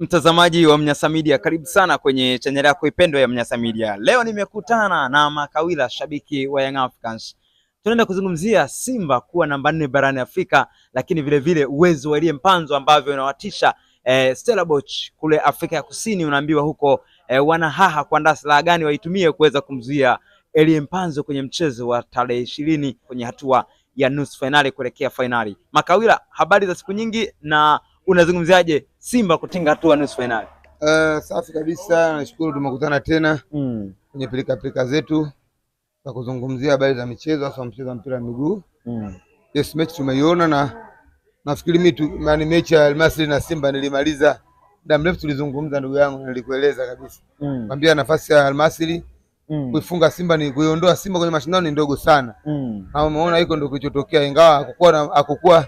Mtazamaji wa Mnyasa Media, karibu sana kwenye chaneli yako ipendwa ya Mnyasa Media. Leo nimekutana na Makawila, shabiki wa Young Africans. Tunaenda kuzungumzia Simba kuwa namba nne barani Afrika, lakini vilevile vile uwezo wa ile mpanzo ambavyo unawatisha eh, Stellenbosch kule Afrika ya Kusini. Unaambiwa huko eh, wanahaha kuandaa silaha gani waitumie kuweza kumzuia Elie Mpanzu kwenye mchezo wa tarehe ishirini kwenye hatua ya nusu fainali kuelekea fainali. Makawila, habari za siku nyingi na unazungumziaje Simba kutinga hatua nusu fainali? Uh, eh, safi kabisa, nashukuru tumekutana tena mm. kwenye pilika zetu za kuzungumzia habari za michezo hasa mchezo wa mpira wa miguu mm. Yes, mechi tumeiona na nafikiri mimi tu yani mechi ya Almasri na Simba nilimaliza muda mrefu, tulizungumza ndugu yangu, nilikueleza kabisa mm. kwambia nafasi ya Almasri mm. kuifunga Simba ni kuiondoa Simba kwenye mashindano ni ndogo sana mm. na umeona hiko ndio kilichotokea, ingawa hakukua hakukua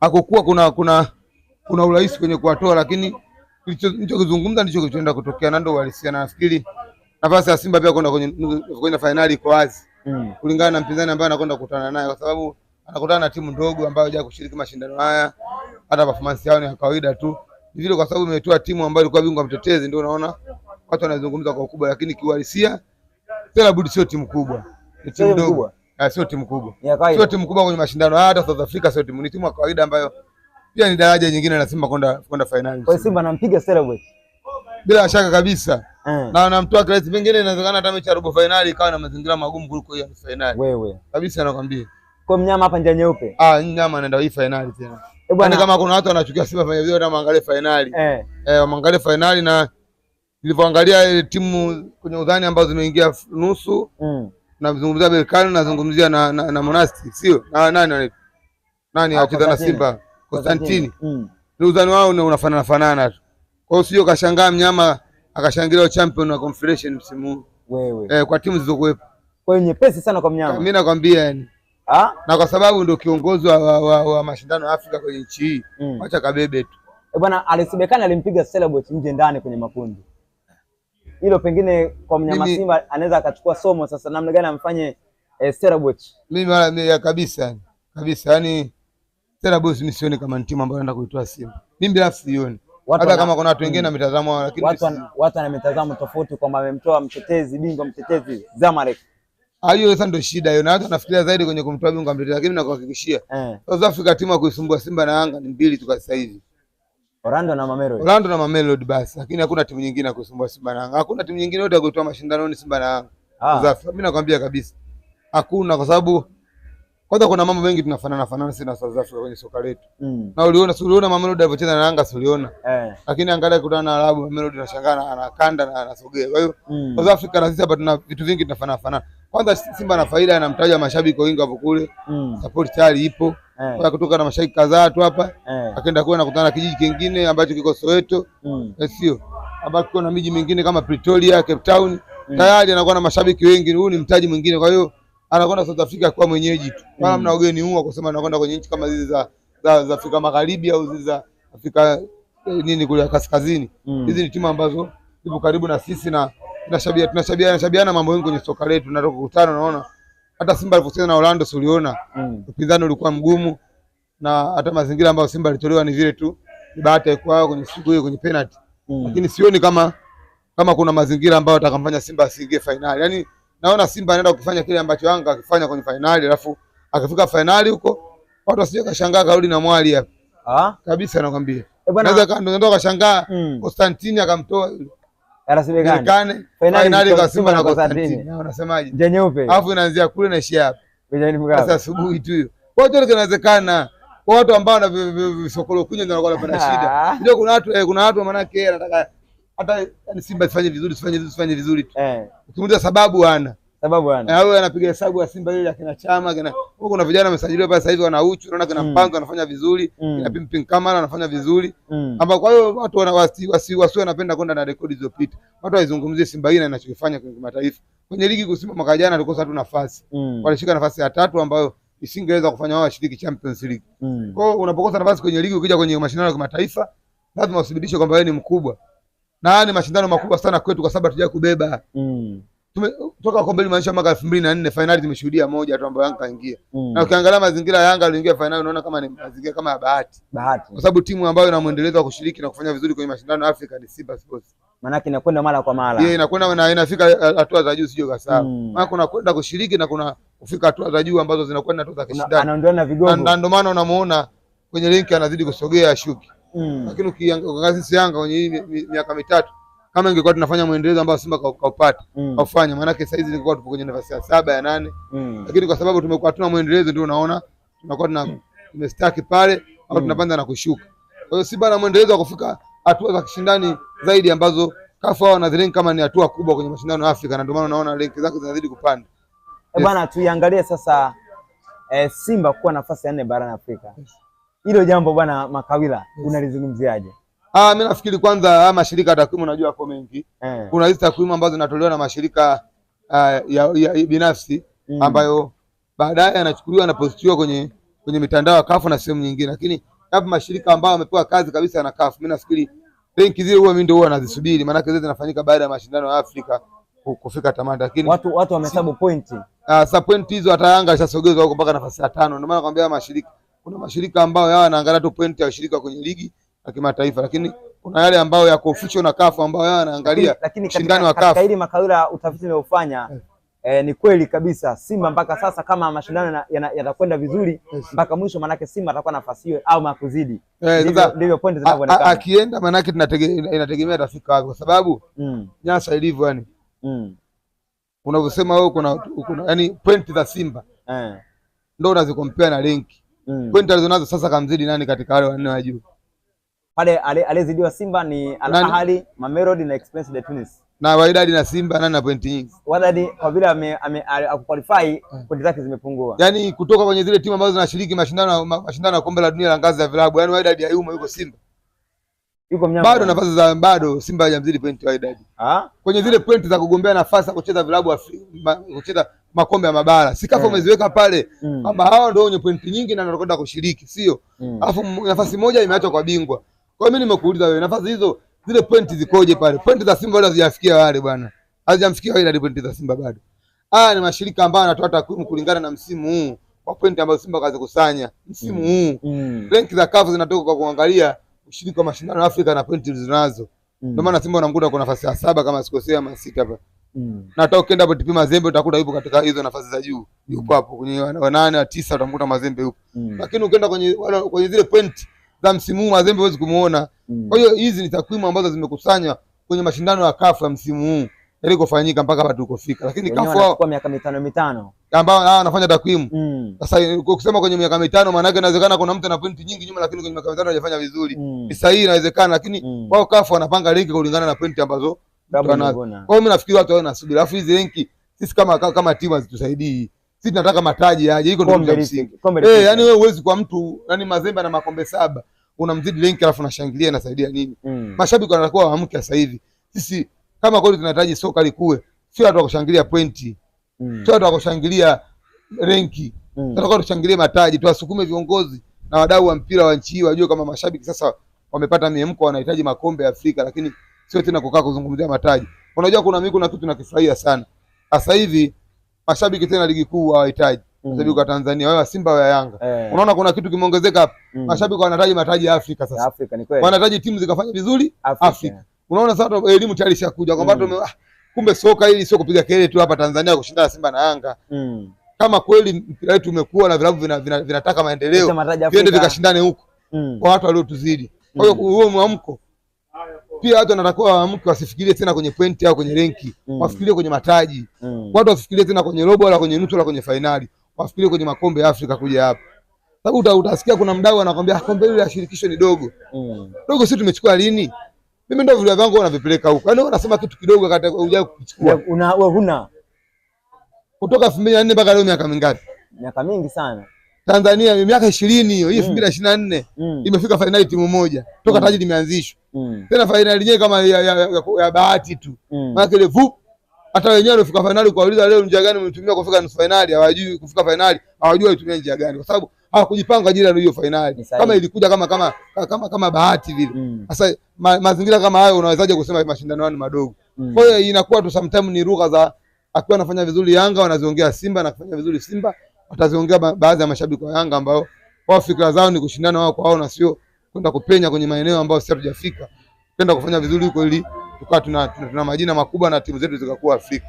hakukuwa kuna kuna kuna urahisi kwenye kuwatoa, lakini nilichokizungumza ndicho kilichoenda kutokea na ndio uhalisia, na nafikiri nafasi ya Simba pia kwenda kwenye kwenye fainali iko wazi mm. kulingana na mpinzani ambaye anakwenda kukutana naye, kwa sababu anakutana na timu ndogo ambayo haja kushiriki mashindano haya, hata performance yao ni ya kawaida tu vile, kwa sababu imetoa timu ambayo ilikuwa bingwa mtetezi, ndio unaona watu wanazungumza kwa ukubwa, lakini kiuhalisia Belabudi sio timu kubwa, ni timu ndogo, eh, sio timu kubwa, sio timu kubwa kwenye mashindano haya. Hata South Africa sio timu, ni timu ya kawaida ambayo pia ni daraja nyingine la Simba kwenda kwenda finali. Kwa Simba anampiga Celebrate bila shaka kabisa mm. na anamtoa credit pengine inawezekana hata mechi ya robo finali ikawa na mazingira magumu kuliko hiyo ya finali. Wewe kabisa nakwambia, kwa mnyama hapa njia nyeupe, ah, mnyama anaenda hii finali tena. E bwana, yaani kama kuna watu wanachukia Simba fanya video, waangalie finali eh, eh waangalie finali na nilivyoangalia timu kwenye udhani ambazo zimeingia nusu mm. Namzungumzia Berkane, nazungumzia na, na, na Monastic, sio na nani nani acheza na Simba Konstantini mm. ni uzani wao unafanana fanana tu. Kwa hiyo sio kashangaa mnyama akashangilia champion wa Confederation msimu wewe eh, kwa timu zilizokuwepo. Kwa hiyo nyepesi sana kwa mnyama, mimi nakwambia yani ah? na kwa sababu ndio kiongozi wa, wa, wa, wa mashindano ya Afrika kwenye nchi hii mm. acha kabebe tu e bwana. Alisibekana alimpiga Celebrate nje ndani kwenye makundi, hilo pengine kwa mnyama mimi, Simba anaweza akachukua somo sasa namna gani amfanye eh, Celebrate. Mimi wala kabisa kabisa yani Stella Boys mimi sioni kama ni timu ambayo inaenda kuitoa Simba. Mimi bila sioni. Hata kama kuna watu wengine na mm. mitazamo lakini watu watu na mitazamo tofauti kwamba amemtoa mtetezi bingwa mtetezi Zamalek. Ah, hiyo sasa ndio shida hiyo. Na watu wanafikiria zaidi kwenye kumtoa bingwa mtetezi lakini nakuhakikishia. Eh. South Africa timu ya kuisumbua Simba na Yanga ni mbili tu kwa sasa hivi. Orlando na Mamelodi. Orlando na Mamelodi basi, lakini hakuna timu nyingine ya kuisumbua Simba na Yanga. Hakuna timu nyingine yote ya kuitoa ni Simba na Yanga. Ah. South Mimi nakwambia kabisa. Hakuna kwa sababu kwanza kuna mambo mengi tunafanana fanana sisi na South Africa kwenye soka letu. Mm. Na uliona si uliona Mamelodi alipocheza na Yanga si uliona? Eh. Lakini angalia kutana na Arabu Mamelodi anashangaa anakanda na anasogea. Kwa hiyo mm. South Africa na sisi hapa tuna vitu vingi tunafanana fanana. Kwanza Simba na faida na anamtaja mashabiki wengi hapo kule. Mm. Support tayari ipo. Eh. Kwa kutoka na mashabiki kadhaa tu hapa. Eh. Akaenda kuwa nakutana na kijiji kingine ambacho kiko Soweto. Mm. Eh, sio. Ambacho kuna miji mingine kama Pretoria, Cape Town. Mm. Tayari anakuwa na mashabiki wengi. Huu ni mtaji mwingine kwa hiyo anakwenda South Africa kwa mwenyeji tu, mm. kama mna wageni huwa kusema anakwenda kwenye nchi kama zile za, za, za Afrika Magharibi au zile za Afrika eh, nini kule kaskazini mm. hizi mm. ni timu ambazo zipo karibu na sisi na tunashabia tunashabia tunashabiana mambo mengi kwenye soka letu, na tukikutana naona hata Simba alipocheza na Orlando suliona mm. upinzani ulikuwa mgumu na hata mazingira ambayo Simba alitolewa ni vile tu ni bahati ya kwao kwenye siku hiyo kwenye penalty mm. lakini sioni kama kama kuna mazingira ambayo atakamfanya Simba asiingie finali. yani naona Simba anaenda kufanya kile ambacho Yanga akifanya kwenye fainali, alafu akifika fainali huko watu wasije kashangaa karudi na mwali hapa. Ah? Kabisa nakwambia. Eh, Naweza kando kaenda kashangaa hmm. Constantine akamtoa yule. Anasemekana fainali kwa Simba na Constantine. Unasemaje? Nje nyeupe. Alafu inaanzia kule na ishia hapa. Sasa asubuhi tu hiyo. Kwa hiyo inawezekana kwa watu ambao na visokolo kunyo ndio wanakuwa na shida. Ah. Ndio kuna watu eh, kuna watu maana yake anataka hata yani Simba sifanye vizuri sifanye vizuri sifanye vizuri tu eh. Ukimuuliza sababu ana sababu hana au anapiga hesabu ya Simba ile akina Chama kina huko, kuna vijana wamesajiliwa pale sasa hivi wana uchu, unaona kina mm. Mpango mm. anafanya vizuri mm. kina Pimpin Kamara anafanya vizuri mm. ambao kwa hiyo watu wana wasi wasi, wasi wanapenda kwenda na rekodi zilizopita, watu waizungumzie Simba ile inachokifanya kwenye mataifa kwenye ligi kusimama. Mwaka jana alikosa tu nafasi mm. walishika nafasi ya tatu ambayo isingeweza kufanya wao washiriki Champions League mm. Kwa hiyo unapokosa nafasi kwenye ligi ukija kwenye mashindano ya kimataifa lazima usibidishe kwamba wewe ni mkubwa na haya ni mashindano makubwa sana kwetu kwa sababu hatujawahi kubeba mm. toka kombe maanisha mwaka elfu mbili na nne fainali tumeshuhudia moja tu ambayo Yanga kaingia mm. na ukiangalia mazingira ya Yanga aliingia fainali unaona kama ni mazingira kama ya bahati bahati, kwa sababu timu ambayo inamwendeleza kushiriki na kufanya vizuri kwenye mashindano ya Afrika ni Simba Sports, maana yake inakwenda mara kwa mara yeah, inakwenda na inafika hatua za juu, sio kasaba mm. maana kuna kwenda kushiriki na kuna kufika hatua za juu ambazo zinakwenda hatua za kishindani, anaondoana vigogo, na ndio maana unamuona kwenye linki anazidi kusogea Shuki mm. Lakini ukiangalia sisi Yanga kwenye miaka mitatu kama ingekuwa tunafanya mwendelezo ambao Simba kaupata mm. kaufanya, maanake saizi ingekuwa tupo kwenye nafasi ya saba ya nane mm. Lakini kwa sababu tumekuwa tuna mwendelezo, ndio unaona tunakuwa tuna mm. tumestaki pale au tunapanda na kushuka. Kwa hiyo Simba na mwendelezo wa kufika hatua za kishindani zaidi ambazo kafa hao wanazilenga kama ni hatua kubwa kwenye mashindano ya Afrika, na ndio maana unaona renki zake zinazidi kupanda. Eh, yes. Bwana, tuiangalie sasa eh, Simba kuwa nafasi ya nne barani Afrika yes hilo jambo bwana Makawila yes. Unalizungumziaje? Ah, mimi nafikiri kwanza ah, mashirika ya takwimu najua yako mengi eh. Kuna hizi takwimu ambazo zinatolewa na mashirika ah, ya, ya ya, binafsi mm. ambayo baadaye yanachukuliwa na postiwa kwenye kwenye mitandao ya kafu na sehemu nyingine, lakini yapo mashirika ambayo wamepewa kazi kabisa na kafu. Mimi nafikiri benki zile huwa mimi ndio huwa nazisubiri, maana zile zinafanyika baada ya mashindano ya Afrika kufika tamati, lakini watu watu wamehesabu pointi. Ah, sasa pointi hizo hata Yanga ishasogezwa huko mpaka nafasi ya tano, ndio maana nakwambia mashirika kuna mashirika ambayo yao yanaangalia tu point ya ushirika kwenye ligi ya kimataifa, lakini kuna yale ambayo yako official na CAF ambayo yao yanaangalia ushindani wa CAF. Katika hili makawira utafiti niliofanya eh. eh. ni kweli kabisa Simba mpaka sasa kama mashindano yatakwenda vizuri eh, mpaka mwisho manake Simba atakuwa nafasi hiyo au makuzidi, eh, ndivyo pointi zinavyoonekana. Akienda manake inategemea atafika wapi, kwa sababu mm, nyasa ilivyo yani mm, unavyosema wewe kuna, kuna yani pointi za Simba eh, ndio unazikompea na renki Mm. Pointi alizonazo sasa kamzidi nani katika wale wanne wa juu? Pale aliyezidiwa Simba ni Al Ahly, Mamelodi na Esperance de Tunis. Na Wydad na Simba nani na pointi nyingi? Wydad kwa vile hakuqualify mm. pointi zake zimepungua. Yaani kutoka kwenye zile timu ambazo zinashiriki mashindano mashindano ya kombe la dunia la ngazi ya vilabu. Yaani Wydad hayumo yuko Simba. Yuko mnyama. Bado nafasi za bado Simba hajamzidi pointi Wydad. Ah? Kwenye zile pointi za kugombea nafasi ya kucheza vilabu kucheza makombe ya mabara sikafu kafa eh. umeziweka yeah. pale mm. kwamba mm. hawa ndio wenye pointi nyingi na wanakwenda kushiriki, sio mm. alafu mm. nafasi moja imeachwa kwa bingwa. Kwa mimi nimekuuliza wewe, nafasi hizo zile pointi zikoje pale? Pointi za Simba bado hazijafikia wale bwana, hazijamfikia wale, pointi za Simba bado. Haya ni mashirika ambayo anatoa takwimu kulingana na msimu huu kwa pointi ambazo Simba kazikusanya msimu mm. huu mm. ranki za kafu zinatoka kwa kuangalia ushiriki wa mashindano ya Afrika na pointi zinazo Ndio mm. maana Simba unamkuta kwa nafasi ya saba kama sikosea, masika hapa Mm. Na hata ukienda hapo TP Mazembe utakuta yupo katika hizo nafasi za juu. Mm. Yuko hapo kwenye wanane na tisa utamkuta Mazembe yupo. Mm. Lakini ukienda kwenye wala, kwenye zile point za msimu huu Mazembe huwezi kumuona. Mm. Kwa hiyo hizi ni takwimu ambazo zimekusanywa kwenye mashindano ya kafu ya msimu huu yalikofanyika mpaka hapa tulikofika, lakini kafu kwa miaka mitano mitano ambao ah, anafanya takwimu mm. sasa. Mm. Ukisema kwenye miaka mitano, maana yake inawezekana kuna mtu ana point nyingi nyuma, lakini kwenye miaka mitano hajafanya vizuri. mm. Ni sahihi, inawezekana, lakini mm. wao kafu wanapanga ligi kulingana na point ambazo kwao. Mi nafikiri watu wawe na subira, alafu hizi renki sisi kama kama kama timu hazitusaidii, sisi tunataka mataji yaje, hiko ndio cha msingi. Eh, yani wewe uwezi kwa mtu yani Mazembe na makombe saba unamzidi renki alafu unashangilia, nasaidia nini? Mm. Mashabiki wanatakuwa waamke sasa hivi. Sisi kama kweli tunahitaji soka likuwe, sio watu wa kushangilia pointi, mm. sio watu wa kushangilia renki, mm. tunataka tushangilie mataji, tuwasukume viongozi na wadau wa mpira wa nchi hii wajue kama mashabiki sasa wamepata miemko, wanahitaji makombe ya Afrika lakini sio tena kukaa kuzungumzia mataji. Unajua kuna mimi kuna kitu tunakifurahia sana sasa hivi, mashabiki tena ligi kuu hawahitaji mm. mashabiki wa Tanzania, wao Simba wa Yanga eh. Unaona kuna kitu kimeongezeka hapa mm. Mashabiki wanataji mataji ya Afrika sasa, Afrika ni kweli, Wanataji timu zikafanya vizuri Afrika, Afrika. Unaona sasa elimu tayari ishakuja kwamba mm. Ah, kumbe soka hili sio kupiga kelele tu hapa Tanzania kushinda Simba na Yanga mm. Kama kweli mpira wetu umekuwa na vilabu vinataka vina, vina maendeleo, viende vikashindane huko mm. kwa watu waliotuzidi. Kwa hiyo mm. huo mwamko pia watu wanatakiwa waamke, wasifikirie tena kwenye pointi au kwenye renki mm. wafikirie kwenye mataji mm. watu wasifikirie tena kwenye robo wala kwenye nusu wala kwenye fainali, wafikirie kwenye makombe ya Afrika kuja hapa, sababu uta, utasikia kuna mdau anakwambia ah, kombe hili la shirikisho ni dogo mm. dogo, sisi tumechukua lini? Mimi ndio vile vyangu wanavipeleka huko, yaani wanasema kitu kidogo kata uja kuchukua una wewe huna kutoka 2004 mpaka leo, miaka mingapi? Miaka mingi sana. Tanzania miaka 20 hiyo, hii 2024 mm. mm. imefika finali timu moja toka mm. taji limeanzishwa mm. tena fainali yenyewe kama ya, ya, ya, ya bahati tu mm. maana ile vup hata wenyewe walifika fainali kuwauliza leo njia gani mlitumia kufika nusu fainali, hawajui kufika fainali, hawajui walitumia njia gani, kwa sababu hawakujipanga ajili ya hiyo fainali, kama ilikuja kama kama kama, kama bahati vile. Mm. Sasa mm. ma, mazingira kama hayo unawezaje kusema mashindano yao ni madogo? mm. kwa hiyo inakuwa tu sometimes ni lugha za akiwa anafanya vizuri Yanga wanaziongea Simba na kufanya vizuri Simba wataziongea baadhi ya mashabiki wa Yanga ambao wao fikra zao ni kushindana wao kwa wao na sio kwenda kupenya kwenye maeneo ambayo sisi hatujafika, kwenda kufanya vizuri huko, ili tukawa tuna, tuna, tuna majina makubwa na timu zetu zikakuwa Afrika.